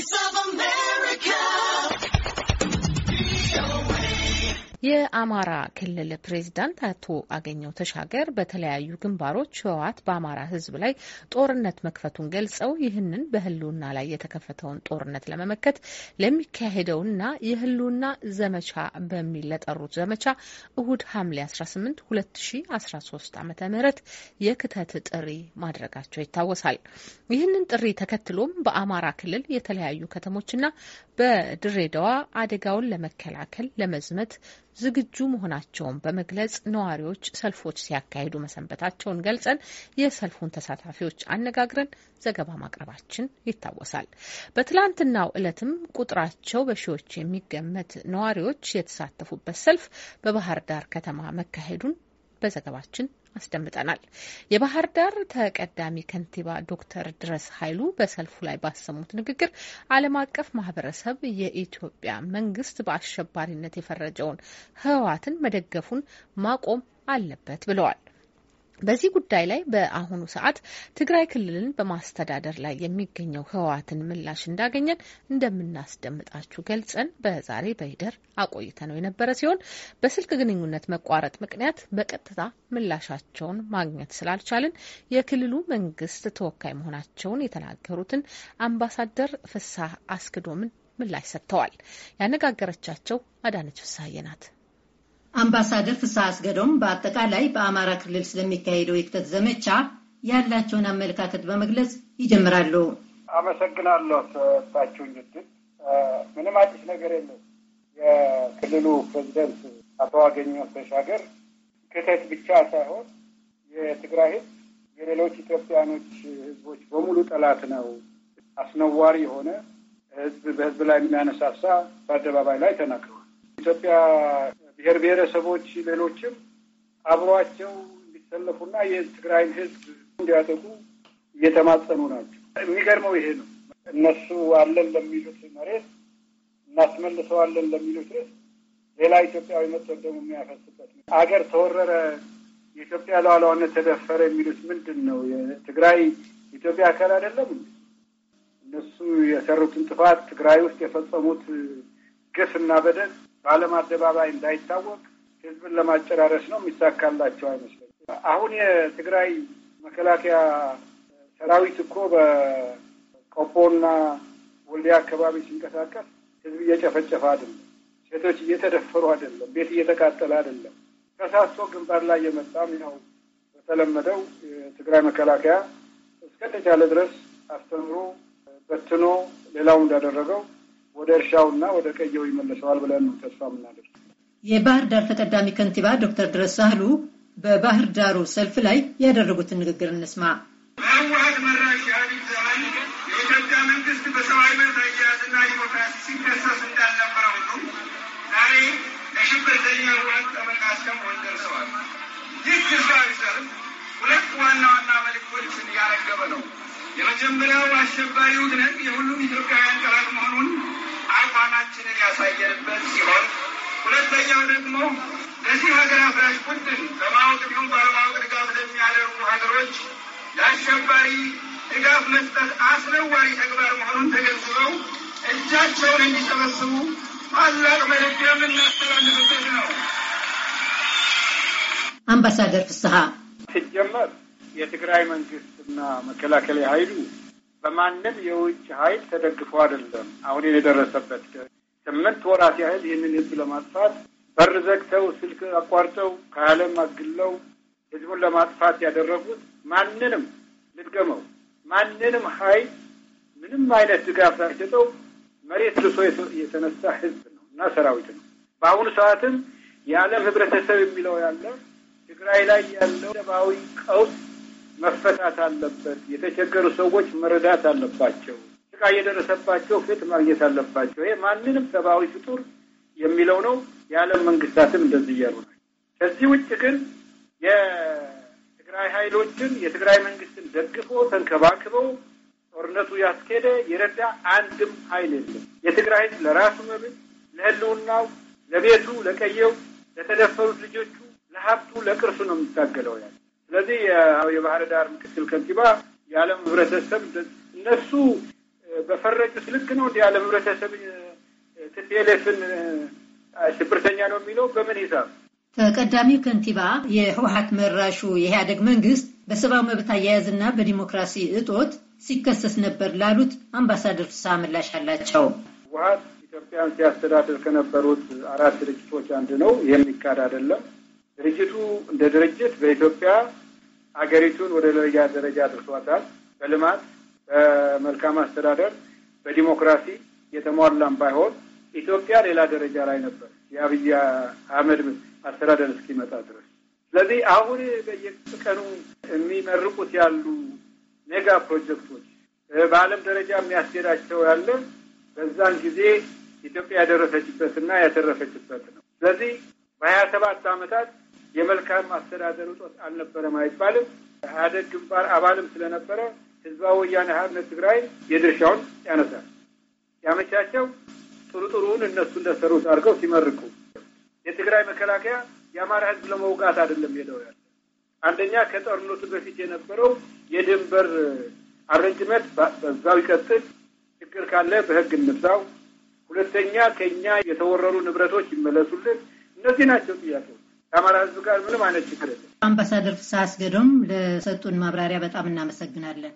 voice of የአማራ ክልል ፕሬዚዳንት አቶ አገኘው ተሻገር በተለያዩ ግንባሮች ህወሓት በአማራ ህዝብ ላይ ጦርነት መክፈቱን ገልጸው ይህንን በህልውና ላይ የተከፈተውን ጦርነት ለመመከት ለሚካሄደውና የህልውና ዘመቻ በሚል ለጠሩት ዘመቻ እሁድ ሐምሌ 18 2013 ዓ ም የክተት ጥሪ ማድረጋቸው ይታወሳል። ይህንን ጥሪ ተከትሎም በአማራ ክልል የተለያዩ ከተሞችና በድሬዳዋ አደጋውን ለመከላከል ለመዝመት ዝግጁ መሆናቸውን በመግለጽ ነዋሪዎች ሰልፎች ሲያካሂዱ መሰንበታቸውን ገልጸን የሰልፉን ተሳታፊዎች አነጋግረን ዘገባ ማቅረባችን ይታወሳል። በትላንትናው ዕለትም ቁጥራቸው በሺዎች የሚገመት ነዋሪዎች የተሳተፉበት ሰልፍ በባህር ዳር ከተማ መካሄዱን በዘገባችን አስደምጠናል። የባህር ዳር ተቀዳሚ ከንቲባ ዶክተር ድረስ ኃይሉ በሰልፉ ላይ ባሰሙት ንግግር ዓለም አቀፍ ማህበረሰብ የኢትዮጵያ መንግስት በአሸባሪነት የፈረጀውን ህወሓትን መደገፉን ማቆም አለበት ብለዋል። በዚህ ጉዳይ ላይ በአሁኑ ሰዓት ትግራይ ክልልን በማስተዳደር ላይ የሚገኘው ህወሓትን ምላሽ እንዳገኘን እንደምናስደምጣችሁ ገልጸን በዛሬ በሂደር አቆይተ ነው የነበረ ሲሆን በስልክ ግንኙነት መቋረጥ ምክንያት በቀጥታ ምላሻቸውን ማግኘት ስላልቻልን የክልሉ መንግስት ተወካይ መሆናቸውን የተናገሩትን አምባሳደር ፍሳህ አስክዶምን ምላሽ ሰጥተዋል። ያነጋገረቻቸው አዳነች ፍሳሀዬ ናት። አምባሳደር ፍስሐ አስገዶም በአጠቃላይ በአማራ ክልል ስለሚካሄደው የክተት ዘመቻ ያላቸውን አመለካከት በመግለጽ ይጀምራሉ። አመሰግናለሁ ሰጣችሁኝ እድል። ምንም አዲስ ነገር የለም። የክልሉ ፕሬዚደንት አቶ አገኘሁ ተሻገር ክተት ብቻ ሳይሆን የትግራይ ህዝብ የሌሎች ኢትዮጵያኖች ህዝቦች በሙሉ ጠላት ነው፣ አስነዋሪ የሆነ ህዝብ በህዝብ ላይ የሚያነሳሳ በአደባባይ ላይ ተናግረዋል። ኢትዮጵያ ብሔር ብሔረሰቦች ሌሎችም አብሯቸው እንዲሰለፉና የትግራይን ህዝብ እንዲያጠቁ እየተማጸኑ ናቸው። የሚገርመው ይሄ ነው። እነሱ አለን ለሚሉት መሬት እናስመልሰዋለን ለሚሉት ርስ ሌላ ኢትዮጵያዊ መጥቶ ደግሞ የሚያፈስበት አገር ተወረረ፣ የኢትዮጵያ ሉዓላዊነት ተደፈረ የሚሉት ምንድን ነው? ትግራይ ኢትዮጵያ አካል አይደለም። እነሱ የሰሩትን ጥፋት ትግራይ ውስጥ የፈጸሙት ግፍ እና በደል በዓለም አደባባይ እንዳይታወቅ ህዝብን ለማጨራረስ ነው። የሚሳካላቸው አይመስለኝም። አሁን የትግራይ መከላከያ ሰራዊት እኮ በቆቦና ወልዲያ አካባቢ ሲንቀሳቀስ ህዝብ እየጨፈጨፈ አይደለም፣ ሴቶች እየተደፈሩ አይደለም፣ ቤት እየተቃጠለ አይደለም። ከሳሶ ግንባር ላይ የመጣም ያው በተለመደው የትግራይ መከላከያ እስከተቻለ ድረስ አስተምሮ በትኖ ሌላው እንዳደረገው ወደ እርሻውና ወደ ቀየው ይመለሰዋል ብለን ነው ተስፋ የምናደርግ። የባህር ዳር ተቀዳሚ ከንቲባ ዶክተር ድረስ ሳህሉ በባህር ዳሩ ሰልፍ ላይ ያደረጉትን ንግግር እንስማ። በህወሀት መራሽ ኢህአዴግ ዘመን የኢትዮጵያ መንግስት በሰብአዊ መብት አያያዝና ዲሞክራሲ ሲከሰስ እንዳልነበረ ሁሉ ዛሬ ለሽብርተኛ ህወሀት ጠበቃ እስከመሆን ደርሰዋል። ይህ ህዝባዊ ሰልፍ ሁለት ዋና ዋና መልእክቶችን እያረገበ ነው። የመጀመሪያው አሸባሪ ውድነት የሁሉም ኢትዮጵያውያን ጠላት መሆኑን አቋማችንን ያሳየንበት ሲሆን ሁለተኛው ደግሞ ለዚህ ሀገር አፍራሽ ቡድን በማወቅ እንዲሁም ባለማወቅ ድጋፍ ለሚያደርጉ ሀገሮች ለአሸባሪ ድጋፍ መስጠት አስነዋሪ ተግባር መሆኑን ተገንዝበው እጃቸውን እንዲሰበስቡ ታላቅ መልዕክት የምናስተላልፍበት ነው። አምባሳደር ፍስሀ ሲጀመር የትግራይ መንግስትና መከላከያ ኃይሉ በማንም የውጭ ኃይል ተደግፎ አይደለም። አሁን የደረሰበት ስምንት ወራት ያህል ይህንን ህዝብ ለማጥፋት በር ዘግተው ስልክ አቋርጠው ከዓለም አግለው ህዝቡን ለማጥፋት ያደረጉት ማንንም ልድገመው፣ ማንንም ኃይል ምንም አይነት ድጋፍ ሳይሰጠው መሬት ልሶ የተነሳ ህዝብ ነው እና ሰራዊት ነው። በአሁኑ ሰዓትም የዓለም ህብረተሰብ የሚለው ያለ ትግራይ ላይ ያለው ሰብአዊ ቀውስ መፈታት አለበት። የተቸገሩ ሰዎች መረዳት አለባቸው። ስቃይ የደረሰባቸው ፍትህ ማግኘት አለባቸው። ይሄ ማንንም ሰብአዊ ፍጡር የሚለው ነው። የዓለም መንግስታትም እንደዚህ እያሉ ነው። ከዚህ ውጭ ግን የትግራይ ኃይሎችን የትግራይ መንግስትን ደግፎ ተንከባክበው ጦርነቱ ያስኬደ የረዳ አንድም ኃይል የለም። የትግራይ ህዝብ ለራሱ መብት፣ ለህልውናው፣ ለቤቱ፣ ለቀየው፣ ለተደፈሩት ልጆቹ፣ ለሀብቱ፣ ለቅርሱ ነው የሚታገለው ያለ ስለዚህ የባህር ዳር ምክትል ከንቲባ የዓለም ህብረተሰብ እነሱ በፈረጁት ልክ ነው እንዲህ የዓለም ህብረተሰብ ትፌሌፍን ሽብርተኛ ነው የሚለው በምን ሂሳብ? ተቀዳሚው ከንቲባ የህወሀት መራሹ የኢህአደግ መንግስት በሰብአዊ መብት አያያዝና በዲሞክራሲ እጦት ሲከሰስ ነበር ላሉት አምባሳደር ፍስሐ ምላሽ አላቸው። ህወሀት ኢትዮጵያን ሲያስተዳድር ከነበሩት አራት ድርጅቶች አንድ ነው። ይህም ይካድ አይደለም። ድርጅቱ እንደ ድርጅት በኢትዮጵያ ሀገሪቱን ወደ ሌላ ደረጃ አድርሷታል። በልማት በመልካም አስተዳደር በዲሞክራሲ የተሟላም ባይሆን ኢትዮጵያ ሌላ ደረጃ ላይ ነበር የአብይ አህመድ አስተዳደር እስኪመጣ ድረስ። ስለዚህ አሁን በየቀኑ የሚመርቁት ያሉ ሜጋ ፕሮጀክቶች በዓለም ደረጃ የሚያስኬዳቸው ያለ በዛን ጊዜ ኢትዮጵያ ያደረሰችበትና ያተረፈችበት ነው። ስለዚህ በሀያ ሰባት ዓመታት የመልካም አስተዳደር እጦት አልነበረም አይባልም። ኢህአዴግ ግንባር አባልም ስለነበረ ህዝባዊ ወያነ ሓርነት ትግራይ የድርሻውን ያነሳል። ያመቻቸው ጥሩ ጥሩውን እነሱ እንደሰሩት አድርገው ሲመርቁ፣ የትግራይ መከላከያ የአማራ ህዝብ ለመውጋት አይደለም ሄደው ያለ አንደኛ ከጦርነቱ በፊት የነበረው የድንበር አረንጅመት በዛው ይቀጥል፣ ችግር ካለ በህግ እንብዛው። ሁለተኛ ከኛ የተወረሩ ንብረቶች ይመለሱልን። እነዚህ ናቸው ጥያቄዎች። ከአማራ ህዝብ ጋር ምንም አይነት ችግር የለም። አምባሳደር ፍስሐ አስገዶም ለሰጡን ማብራሪያ በጣም እናመሰግናለን።